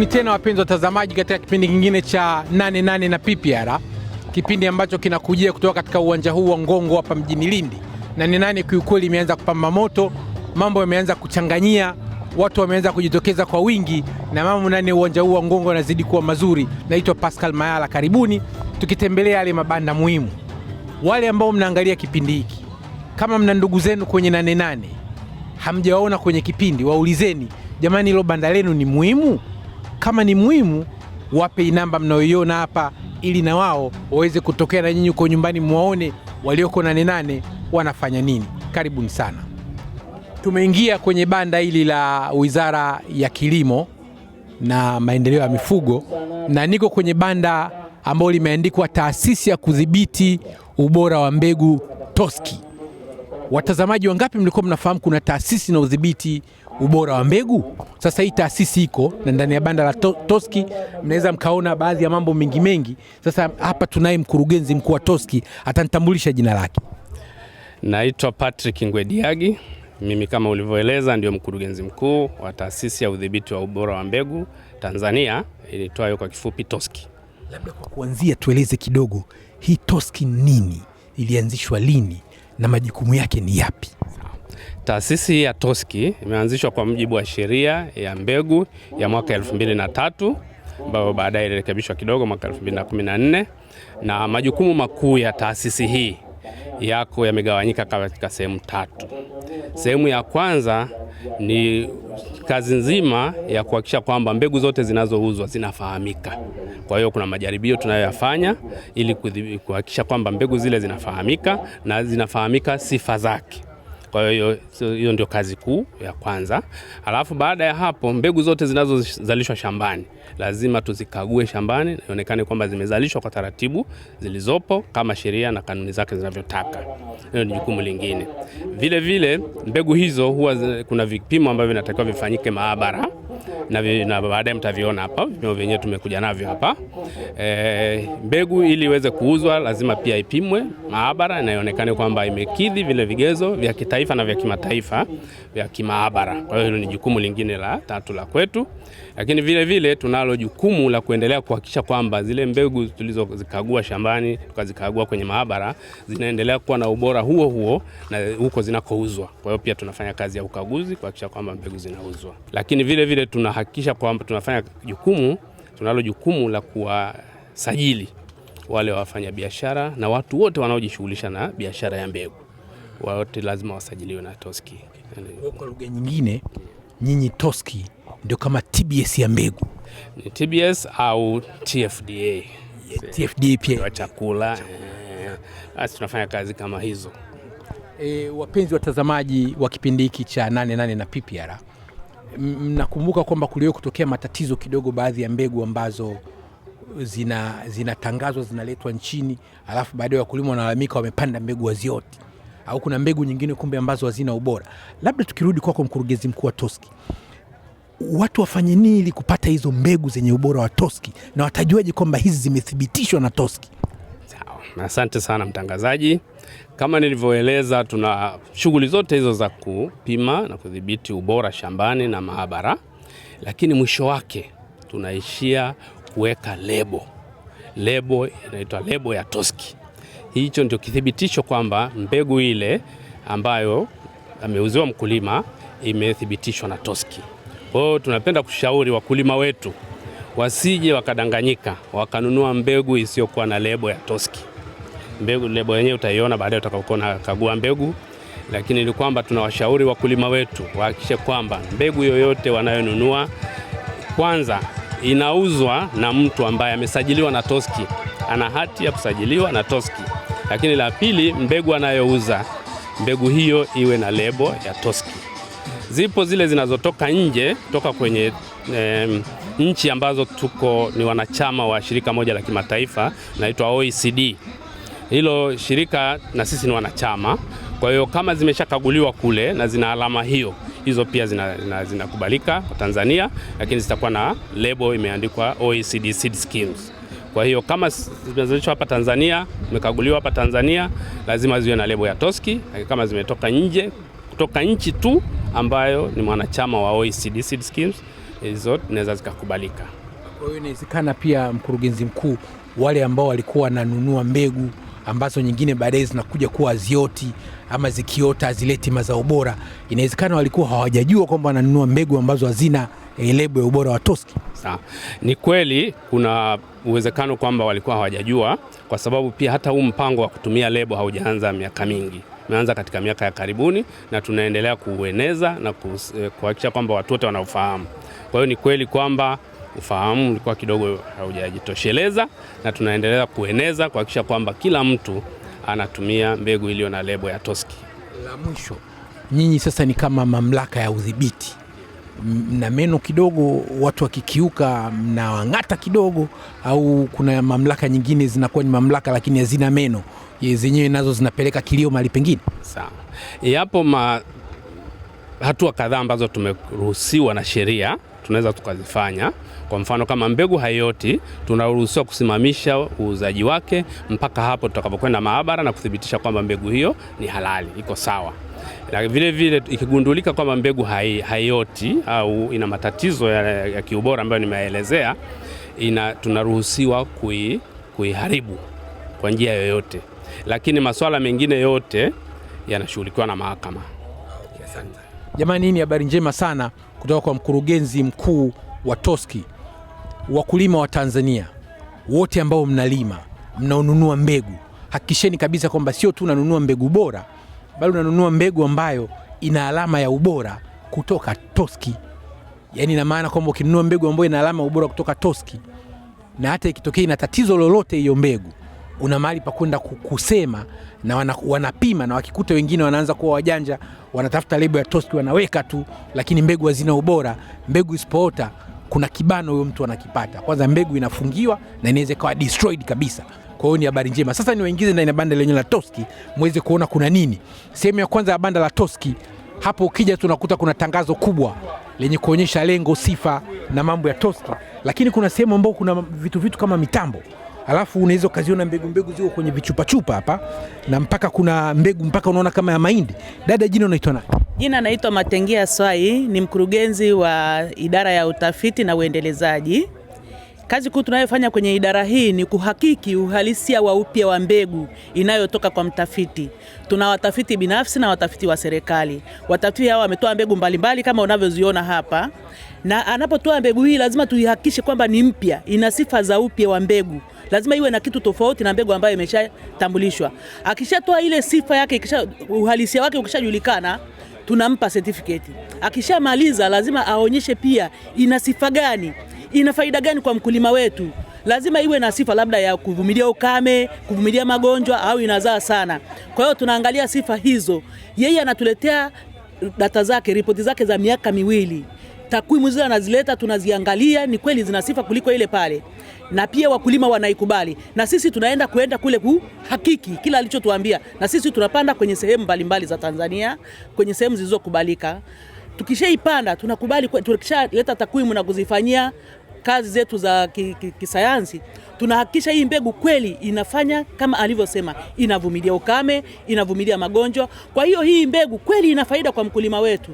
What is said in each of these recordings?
Karibuni tena wapenzi watazamaji, katika kipindi kingine cha nane nane na PPR, kipindi ambacho kinakujia kutoka katika uwanja huu wa Ngongo hapa mjini Lindi. Nane nane kiukweli imeanza kupamba moto, mambo yameanza kuchanganyia, watu wameanza kujitokeza kwa wingi na mambo nane, uwanja huu wa Ngongo yanazidi kuwa mazuri. Naitwa Pascal Mayala, karibuni tukitembelea yale mabanda muhimu. Wale ambao mnaangalia kipindi hiki, kama mna ndugu zenu kwenye nane nane hamjawaona kwenye kipindi, waulizeni jamani, hilo banda lenu ni muhimu kama ni muhimu, wape namba mnayoiona hapa, ili na wao waweze kutokea na nyinyi kwa nyumbani, mwaone walioko Nane Nane wanafanya nini. Karibuni sana. Tumeingia kwenye banda hili la Wizara ya Kilimo na Maendeleo ya Mifugo, na niko kwenye banda ambalo limeandikwa Taasisi ya Kudhibiti Ubora wa Mbegu TOSCI. Watazamaji wangapi mlikuwa mnafahamu kuna taasisi na udhibiti ubora wa mbegu. Sasa hii taasisi iko na ndani ya banda la to, Toski mnaweza mkaona baadhi ya mambo mengi mengi. Sasa hapa tunaye mkurugenzi mkuu wa Toski, atanitambulisha jina lake. Naitwa Patrick Ngwediagi, mimi kama ulivyoeleza ndio mkurugenzi mkuu wa taasisi ya udhibiti wa ubora wa mbegu Tanzania inaitwayo kwa kifupi Toski. Labda kwa kuanzia, tueleze kidogo hii Toski nini, ilianzishwa lini na majukumu yake ni yapi? Taasisi ya toski imeanzishwa kwa mujibu wa sheria ya mbegu ya mwaka 2003 ambayo baadaye ilirekebishwa kidogo mwaka 2014, na majukumu makuu ya taasisi hii yako yamegawanyika katika sehemu tatu. Sehemu ya kwanza ni kazi nzima ya kuhakikisha kwamba mbegu zote zinazouzwa zinafahamika. Kwa hiyo kuna majaribio tunayoyafanya ili kuhakikisha kwamba mbegu zile zinafahamika na zinafahamika sifa zake kwa hiyo hiyo ndio kazi kuu ya kwanza. Alafu baada ya hapo, mbegu zote zinazozalishwa shambani lazima tuzikague shambani, ionekane kwamba zimezalishwa kwa taratibu zilizopo kama sheria na kanuni zake zinavyotaka. Hiyo ni jukumu lingine. Vile vile mbegu hizo huwa kuna vipimo ambavyo vinatakiwa vifanyike maabara na, na baadaye mtaviona hapa vipimo vyenyewe tumekuja navyo hapa. E, mbegu ili iweze kuuzwa lazima pia ipimwe maabara na ionekane kwamba imekidhi vile vigezo vya kitaifa kitaifa na vya kimataifa vya kimaabara. Kwa hiyo hilo ni jukumu lingine la tatu la kwetu, lakini vile vile tunalo jukumu la kuendelea kuhakikisha kwamba zile mbegu tulizozikagua shambani tukazikagua kwenye maabara zinaendelea kuwa na ubora huo huo na huko zinakouzwa. Kwa hiyo pia tunafanya kazi ya ukaguzi kuhakikisha kwamba mbegu zinauzwa, lakini vile vile tunahakikisha kwamba tunafanya jukumu tunalo jukumu la kuwasajili wale wafanyabiashara na watu wote wanaojishughulisha na biashara ya mbegu wote lazima wasajiliwe na Toski. Kwa lugha nyingine, nyinyi Toski ndio kama TBS ya mbegu, ni TBS au TFDA? Yeah, TFDA pia wa chakula. Eh. Basi tunafanya kazi kama hizo. E, wapenzi watazamaji wa kipindi hiki cha nane nane na PPR, mnakumbuka kwamba kuliwahi kutokea matatizo kidogo, baadhi ya mbegu ambazo zinatangazwa zina zinaletwa nchini, alafu baadaye wakulima wanalalamika wamepanda mbegu wazioti au kuna mbegu nyingine kumbe ambazo hazina ubora. Labda tukirudi kwako, mkurugenzi mkuu wa Toski, watu wafanye nini ili kupata hizo mbegu zenye ubora wa Toski na watajuaje kwamba hizi zimethibitishwa na Toski? Sawa, asante sana mtangazaji. Kama nilivyoeleza, tuna shughuli zote hizo za kupima na kudhibiti ubora shambani na maabara, lakini mwisho wake tunaishia kuweka lebo. Lebo inaitwa lebo ya Toski Hicho ndio kithibitisho kwamba mbegu ile ambayo ameuziwa mkulima imethibitishwa na Toski. Kwa hiyo tunapenda kushauri wakulima wetu wasije wakadanganyika wakanunua mbegu isiyokuwa na lebo ya Toski. Mbegu lebo yenyewe utaiona baadaye utakapokuwa kagua mbegu, lakini ni kwamba tunawashauri wakulima wetu wahakikishe kwamba mbegu yoyote wanayonunua kwanza inauzwa na mtu ambaye amesajiliwa na Toski, ana hati ya kusajiliwa na Toski. Lakini la pili, mbegu anayouza mbegu hiyo iwe na lebo ya Toski. Zipo zile zinazotoka nje toka kwenye em, nchi ambazo tuko ni wanachama wa shirika moja la kimataifa naitwa OECD. Hilo shirika na sisi ni wanachama, kwa hiyo kama zimeshakaguliwa kule na zina alama hiyo, hizo pia zinakubalika zina, zina kwa Tanzania, lakini zitakuwa na lebo imeandikwa OECD Seed Schemes. Kwa hiyo kama zimezalishwa hapa Tanzania, zimekaguliwa hapa Tanzania, lazima ziwe na lebo ya Toski, kama zimetoka nje kutoka nchi tu ambayo ni mwanachama wa OECD seed schemes, hizo eh, zinaweza zikakubalika. Kwa hiyo inawezekana pia, mkurugenzi mkuu, wale ambao walikuwa wananunua mbegu ambazo nyingine baadaye zinakuja kuwa zioti ama zikiota hazileti mazao bora, inawezekana walikuwa hawajajua kwamba wananunua mbegu ambazo hazina lebo ya ubora wa Toski. Sawa, ni kweli kuna uwezekano kwamba walikuwa hawajajua, kwa sababu pia hata huu mpango wa kutumia lebo haujaanza miaka mingi, umeanza katika miaka ya karibuni, na tunaendelea kuueneza na eh, kuhakikisha kwamba watu wote wanaofahamu. Kwa hiyo ni kweli kwamba ufahamu ulikuwa kidogo haujajitosheleza, na tunaendelea kueneza kuhakikisha kwamba kila mtu anatumia mbegu iliyo na lebo ya Toski. La mwisho, nyinyi sasa ni kama mamlaka ya udhibiti na meno kidogo, watu wakikiuka mnawang'ata kidogo, au kuna mamlaka nyingine zinakuwa ni mamlaka lakini hazina meno zenyewe, nazo zinapeleka kilio mahali pengine? Sawa, yapo ma hatua kadhaa ambazo tumeruhusiwa na sheria tunaweza tukazifanya. Kwa mfano, kama mbegu haioti, tunaruhusiwa kusimamisha uuzaji wake mpaka hapo tutakapokwenda maabara na kuthibitisha kwamba mbegu hiyo ni halali, iko sawa. Na vile vile ikigundulika kwamba mbegu hai, haioti au ina matatizo ya, ya kiubora ambayo nimeelezea, ina tunaruhusiwa kui, kuiharibu kwa njia yoyote, lakini masuala mengine yote yanashughulikiwa na mahakama. Asante. Jamani, hii ni habari njema sana kutoka kwa mkurugenzi mkuu wa Toski. Wakulima wa Tanzania wote ambao mnalima, mnaonunua mbegu, hakikisheni kabisa kwamba sio tu unanunua mbegu bora, bali unanunua mbegu ambayo ina alama ya ubora kutoka Toski. Yaani ina maana kwamba ukinunua mbegu ambayo ina alama ya ubora kutoka Toski, na hata ikitokea ina tatizo lolote hiyo mbegu una mahali pa kwenda kusema na wana, wanapima na wakikuta wengine wanaanza kuwa wajanja, wanatafuta lebo ya Toski wanaweka tu, lakini mbegu hazina ubora. Mbegu isipoota kuna kibano huyo mtu anakipata. Kwanza mbegu inafungiwa na inaweza ikawa destroyed kabisa. Kwa hiyo ni habari njema. Sasa niwaingize ndani ya banda lenye la Toski muweze kuona kuna nini. Sehemu ya kwanza ya banda la Toski hapo, ukija tunakuta kuna tangazo kubwa lenye kuonyesha lengo, sifa na mambo ya Toski, lakini kuna sehemu ambayo kuna vitu vitu kama mitambo alafu unaweza ukaziona mbegu mbegu ziko kwenye vichupachupa hapa, na mpaka kuna mbegu mpaka unaona kama ya mahindi. Dada, jina unaitwa nani? Jina anaitwa Matengia Swai, ni mkurugenzi wa idara ya utafiti na uendelezaji. Kazi kuu tunayofanya kwenye idara hii ni kuhakiki uhalisia wa upya wa mbegu inayotoka kwa mtafiti. Tuna watafiti binafsi na watafiti wa serikali. Watafiti hawa wametoa mbegu mbalimbali mbali kama unavyoziona hapa na anapotoa mbegu hii lazima tuihakikishe kwamba ni mpya, ina sifa za upya wa mbegu. Lazima iwe na kitu tofauti na mbegu ambayo imeshatambulishwa. Akishatoa ile sifa yake, ikisha uhalisia wake ukishajulikana, tunampa certificate. Akishamaliza lazima aonyeshe pia ina sifa gani, ina faida gani kwa mkulima wetu. Lazima iwe na sifa labda ya kuvumilia ukame, kuvumilia magonjwa au inazaa sana. Kwa hiyo tunaangalia sifa hizo. Yeye anatuletea data zake, ripoti zake za miaka miwili takwimu zile anazileta, tunaziangalia, ni kweli zina sifa kuliko ile pale, na pia wakulima wanaikubali, na sisi tunaenda kuenda kule kuhakiki kila alichotuambia, na sisi tunapanda kwenye sehemu mbalimbali za Tanzania, kwenye sehemu zilizokubalika. Tukishaipanda tunakubali, tukishaleta takwimu na kuzifanyia kazi zetu za kisayansi tunahakikisha hii mbegu kweli inafanya kama alivyosema, inavumilia ukame, inavumilia magonjwa. Kwa hiyo hii mbegu kweli ina faida kwa mkulima wetu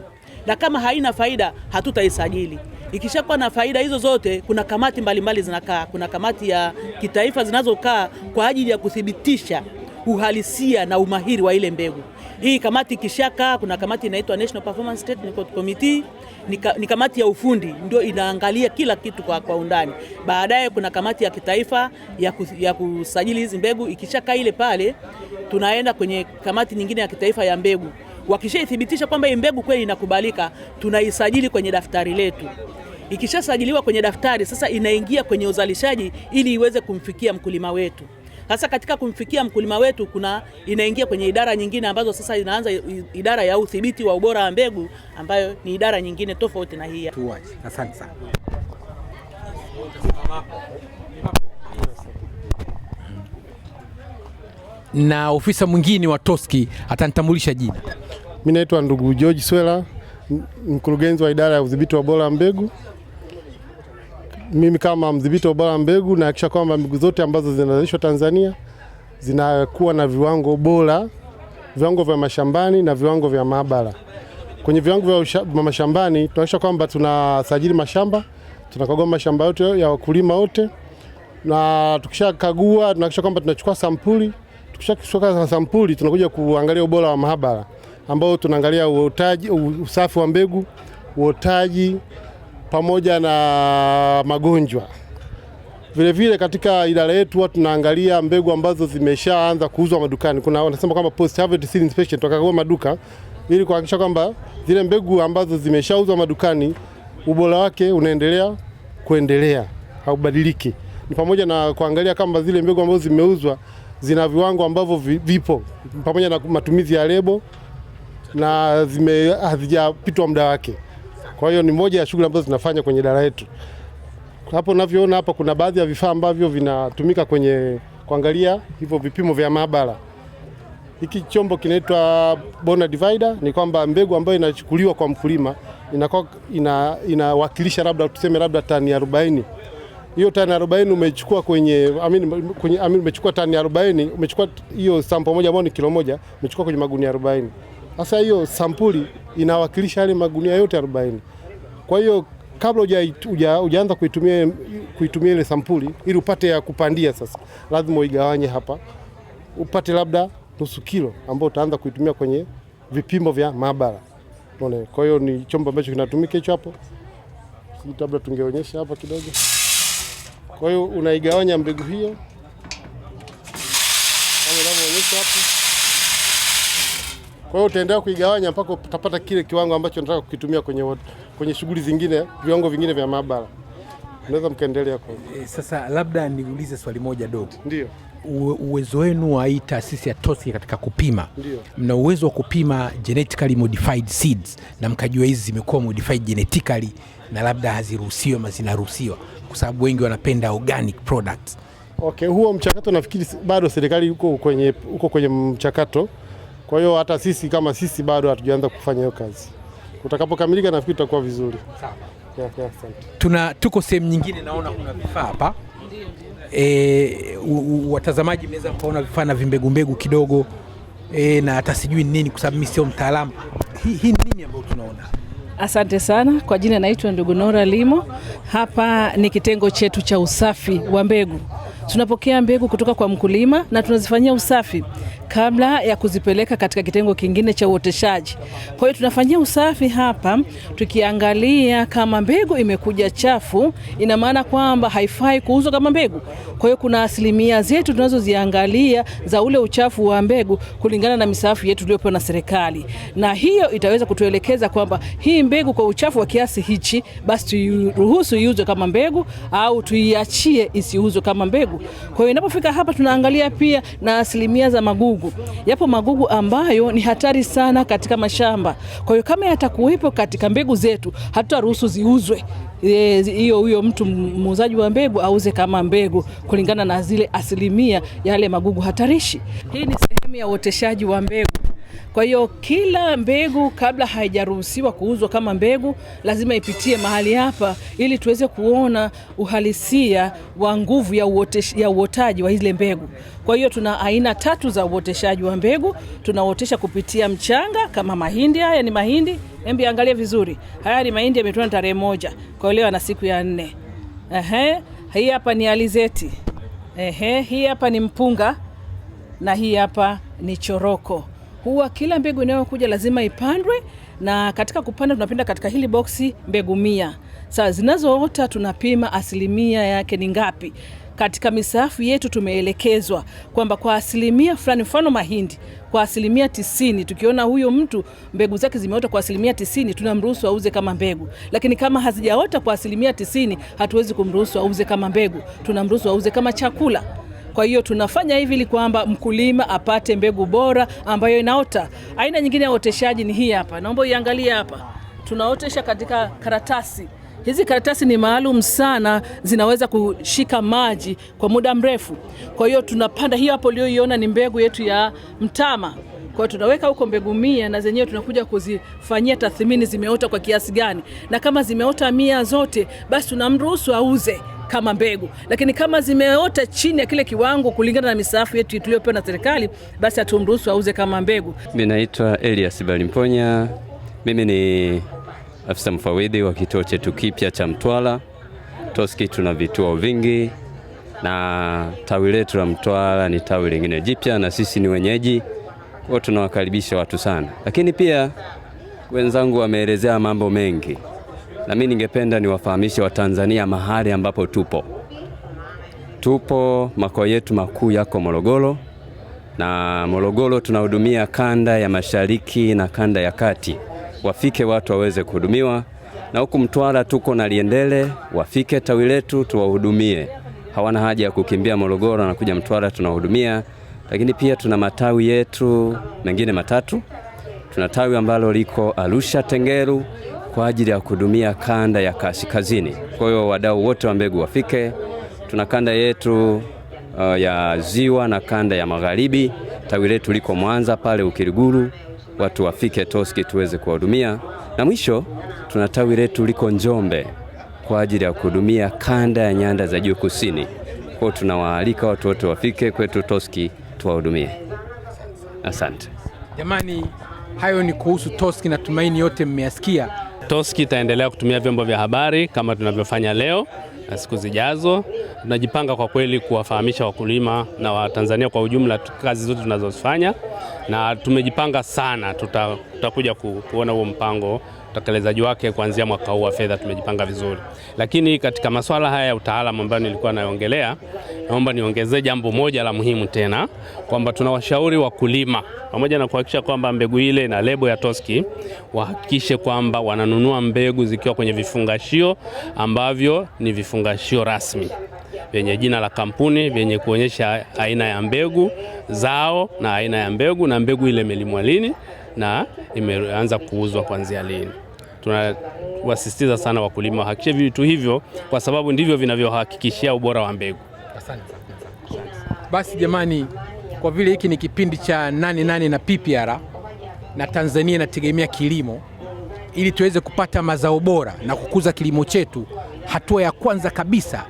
na kama haina faida hatutaisajili. Ikishakuwa na faida hizo zote, kuna kamati mbalimbali zinakaa. Kuna kamati ya kitaifa zinazokaa kwa ajili ya kuthibitisha uhalisia na umahiri wa ile mbegu. Hii kamati ikishakaa, kuna kamati inaitwa National Performance Technical Committee, ni kamati ya ufundi ndio inaangalia kila kitu kwa, kwa undani. Baadaye kuna kamati ya kitaifa ya, kus, ya kusajili hizi mbegu. Ikishakaa ile pale, tunaenda kwenye kamati nyingine ya kitaifa ya mbegu. Wakishaithibitisha kwamba hii mbegu kweli inakubalika, tunaisajili kwenye daftari letu. Ikishasajiliwa kwenye daftari, sasa inaingia kwenye uzalishaji ili iweze kumfikia mkulima wetu. Sasa katika kumfikia mkulima wetu kuna inaingia kwenye idara nyingine ambazo sasa inaanza idara ya udhibiti wa ubora wa mbegu ambayo ni idara nyingine tofauti na hii. Asante sana. na ofisa mwingine wa Toski atanitambulisha jina. Mimi naitwa ndugu George Swela, mkurugenzi wa idara ya udhibiti wa ubora wa mbegu. Mimi kama mdhibiti wa ubora wa mbegu nahakikisha kwamba mbegu zote ambazo zinazalishwa Tanzania zinakuwa na viwango bora, viwango vya mashambani na viwango vya maabara. Kwenye viwango vya mashambani tunahakikisha kwamba tunasajili mashamba, tunakagua mashamba yote ya wakulima wote, na tukishakagua tunahakikisha kwamba tunachukua sampuli tukishakisoka sampuli tunakuja kuangalia ubora wa maabara ambao tunaangalia uotaji, usafi wa mbegu, uotaji pamoja na magonjwa. Vilevile vile katika idara yetu huwa tunaangalia mbegu ambazo zimeshaanza kuuzwa madukani. Kuna wanasema kwamba post harvest seed inspection, tukakagua maduka ili kuhakikisha kwamba zile mbegu ambazo zimeshauzwa madukani ubora wake unaendelea kuendelea haubadiliki. Ni pamoja na kuangalia kama zile mbegu ambazo zimeuzwa zina viwango ambavyo vipo pamoja na matumizi ya lebo na zime hazijapitwa muda wake. Kwa hiyo ni moja ya shughuli ambazo zinafanya kwenye idara yetu. Hapo unavyoona hapa, kuna baadhi ya vifaa ambavyo vinatumika kwenye kuangalia hivyo vipimo vya maabara. Hiki chombo kinaitwa bona divider, ni kwamba mbegu ambayo inachukuliwa kwa mkulima inawakilisha ina, labda tuseme labda tani hiyo tani 40 umechukua kwenye amin, kwenye amin, umechukua tani 40 umechukua hiyo sampo moja ambayo ni kilo moja umechukua kwenye magunia 40. Sasa hiyo sampuli inawakilisha yale magunia yote 40. Kwa hiyo kabla hujaanza uja, uja kuitumia kuitumia ile sampuli ili upate ya kupandia, sasa lazima uigawanye hapa, upate labda nusu kilo ambayo utaanza kuitumia kwenye vipimo vya maabara. kwa hiyo ni chombo ambacho kinatumika hicho hapo, labda tungeonyesha hapa kidogo. Kwa hiyo unaigawanya mbegu hiyo kama inavyoonyesha hapo. Kwa hiyo utaendelea kuigawanya mpaka utapata kile kiwango ambacho unataka kukitumia kwenye, kwenye shughuli zingine, viwango vingine vya maabara. Unaweza mkaendelea kwa. Eh, sasa labda niulize swali moja dogo. Ndio. Uwezo wenu wa hii taasisi ya TOSCI katika kupima. Mna uwezo wa kupima genetically modified seeds na mkajua hizi zimekuwa modified genetically na labda haziruhusiwi ama zinaruhusiwa kwa sababu wengi wanapenda organic products. Okay, huo mchakato nafikiri bado serikali uko kwenye, uko kwenye mchakato. Kwa hiyo hata sisi kama sisi bado hatujaanza kufanya hiyo kazi. Utakapokamilika nafikiri tutakuwa vizuri. Sawa. Yeah, yeah, tuna tuko sehemu nyingine, naona kuna vifaa hapa e, watazamaji mnaweza kuona vifaa na vimbegumbegu kidogo e, na hata sijui nini kwa sababu mimi sio mtaalamu. Hii hi, nini ambayo tunaona Asante sana kwa jina, naitwa ndugu Nora Limo. Hapa ni kitengo chetu cha usafi wa mbegu. Tunapokea mbegu kutoka kwa mkulima na tunazifanyia usafi kabla ya kuzipeleka katika kitengo kingine cha uoteshaji. Kwa hiyo tunafanyia usafi hapa, tukiangalia kama mbegu imekuja chafu, ina maana kwamba haifai kuuzwa kama mbegu. Kwa hiyo kuna asilimia zetu tunazoziangalia za ule uchafu wa mbegu kulingana na misafu yetu tuliyopewa na serikali, na hiyo itaweza kutuelekeza kwamba hii mbegu kwa uchafu wa kiasi hichi, basi tuiruhusu iuzwe kama mbegu au tuiachie isiuzwe kama mbegu. Kwa hiyo inapofika hapa tunaangalia pia na asilimia za magugu magugu. Yapo magugu ambayo ni hatari sana katika mashamba. Kwa hiyo kama yatakuwepo katika mbegu zetu, hatutaruhusu ziuzwe e, hiyo huyo mtu muuzaji wa mbegu auze kama mbegu kulingana na zile asilimia yale magugu hatarishi. Hii ni sehemu ya uoteshaji wa mbegu. Kwa hiyo kila mbegu kabla haijaruhusiwa kuuzwa kama mbegu, lazima ipitie mahali hapa ili tuweze kuona uhalisia wa nguvu ya, uotesh, ya uotaji wa ile mbegu. Kwa hiyo tuna aina tatu za uoteshaji wa mbegu. Tunaotesha kupitia mchanga kama mahindi. Haya ni mahindi, embi angalia vizuri, haya ni mahindi yametuna tarehe moja, kwa leo ana siku ya nne. Ehe, hii hapa ni alizeti. Ehe, hii hapa ni mpunga na hii hapa ni choroko huwa kila mbegu inayokuja lazima ipandwe, na katika kupanda tunapenda katika hili boksi mbegu mia. Sasa zinazoota tunapima asilimia yake ni ngapi. Katika misafu yetu tumeelekezwa kwamba kwa asilimia fulani, mfano mahindi kwa asilimia tisini, tukiona huyo mtu mbegu zake zimeota kwa asilimia tisini, tunamruhusu auze kama mbegu, lakini kama hazijaota kwa asilimia tisini, hatuwezi kumruhusu auze kama mbegu, tunamruhusu auze kama chakula. Kwa hiyo tunafanya hivi ili kwamba mkulima apate mbegu bora ambayo inaota. Aina nyingine ya oteshaji ni hii hapa, naomba uiangalie hapa. Tunaotesha katika karatasi hizi karatasi ni maalum sana, zinaweza kushika maji kwa muda mrefu. Kwa hiyo tunapanda hiyo hapo ulioiona ni mbegu yetu ya mtama. Kwa hiyo tunaweka huko mbegu mia na zenyewe tunakuja kuzifanyia tathmini, zimeota kwa kiasi gani, na kama zimeota mia zote, basi tunamruhusu auze kama mbegu, lakini kama zimeota chini ya kile kiwango kulingana na misaafu yetu tuliyopewa na serikali, basi hatumruhusu auze kama mbegu. Mimi naitwa Elias Balimponya, mimi ni afisa mfawidhi wa kituo chetu kipya cha Mtwara. toski tuna vituo vingi na tawi letu la Mtwara ni tawi lingine jipya, na sisi ni wenyeji, kwao, tunawakaribisha watu sana, lakini pia wenzangu wameelezea mambo mengi na mimi ningependa niwafahamishe Watanzania mahali ambapo tupo. Tupo makao yetu makuu yako Morogoro, na Morogoro tunahudumia kanda ya mashariki na kanda ya kati, wafike watu waweze kuhudumiwa, na huku Mtwara tuko na Liendele, wafike tawi letu tuwahudumie. Hawana haja ya kukimbia Morogoro na kuja Mtwara, tunahudumia Lakini pia tuna matawi yetu mengine matatu. Tuna tawi ambalo liko Arusha Tengeru, kwa ajili ya kuhudumia kanda ya kaskazini. Kwa hiyo wadau wote wa mbegu wafike. Tuna kanda yetu uh, ya ziwa na kanda ya magharibi. Tawi letu liko Mwanza pale Ukiriguru, watu wafike Toski tuweze kuwahudumia, na mwisho tuna tawi letu liko Njombe kwa ajili ya kuhudumia kanda ya nyanda za juu kusini. Kwao tunawaalika watu wote wafike kwetu Toski tuwahudumie. Asante jamani, hayo ni kuhusu Toski na Tumaini, yote mmeyasikia. TOSCI itaendelea kutumia vyombo vya habari kama tunavyofanya leo na siku zijazo. Tunajipanga kwa kweli kuwafahamisha wakulima na Watanzania kwa ujumla kazi zote tunazozifanya, na tumejipanga sana, tutakuja ku, kuona huo mpango utekelezaji wake kuanzia mwaka huu wa fedha tumejipanga vizuri. Lakini katika masuala haya ya utaalamu ambayo nilikuwa nayoongelea naomba niongezee jambo moja la muhimu tena kwamba tunawashauri wakulima pamoja na kuhakikisha kwamba mbegu ile na lebo ya Toski wahakikishe kwamba wananunua mbegu zikiwa kwenye vifungashio ambavyo ni vifungashio rasmi vyenye jina la kampuni vyenye kuonyesha aina ya mbegu zao na aina ya mbegu na mbegu ile imelimwa lini na imeanza kuuzwa kuanzia lini tunawasisitiza sana wakulima wahakikishe vitu hivyo, kwa sababu ndivyo vinavyohakikishia ubora wa mbegu. Basi jamani, kwa vile hiki ni kipindi cha nane nane na PPR na Tanzania inategemea kilimo ili tuweze kupata mazao bora na kukuza kilimo chetu, hatua ya kwanza kabisa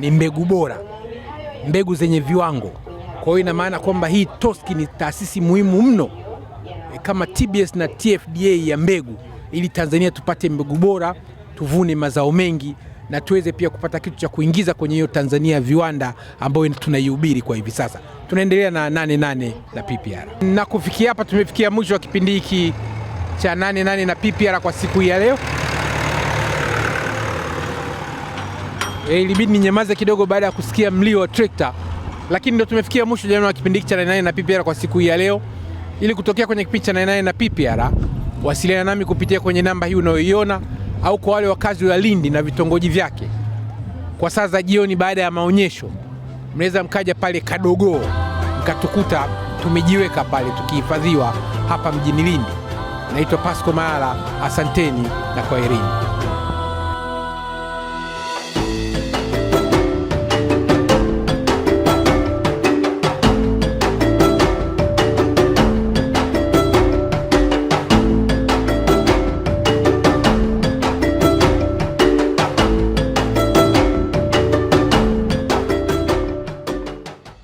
ni mbegu bora, mbegu zenye viwango. Kwa hiyo ina maana kwamba hii TOSCI ni taasisi muhimu mno eh, kama TBS na TFDA ya mbegu ili Tanzania tupate mbegu bora, tuvune mazao mengi na tuweze pia kupata kitu cha kuingiza kwenye hiyo Tanzania ya viwanda ambayo tunaihubiri kwa hivi sasa. Tunaendelea na nane nane na PPR, na kufikia hapa tumefikia mwisho wa kipindi hiki cha nane nane na PPR kwa siku hii ya leo. E, ilibidi ninyamaze kidogo baada ya kusikia mlio wa trekta, lakini ndio tumefikia mwisho jana wa kipindi hiki cha nane nane na PPR kwa siku hii ya leo. Ili kutokea kwenye kipindi cha nane nane na PPR Wasiliana nami kupitia kwenye namba hii unayoiona au kwa wale wakazi wa Lindi na vitongoji vyake, kwa saa za jioni baada ya maonyesho, mnaweza mkaja pale Kadogoo mkatukuta tumejiweka pale tukihifadhiwa hapa mjini Lindi. Naitwa Pasco Mayala, asanteni na kwaherini.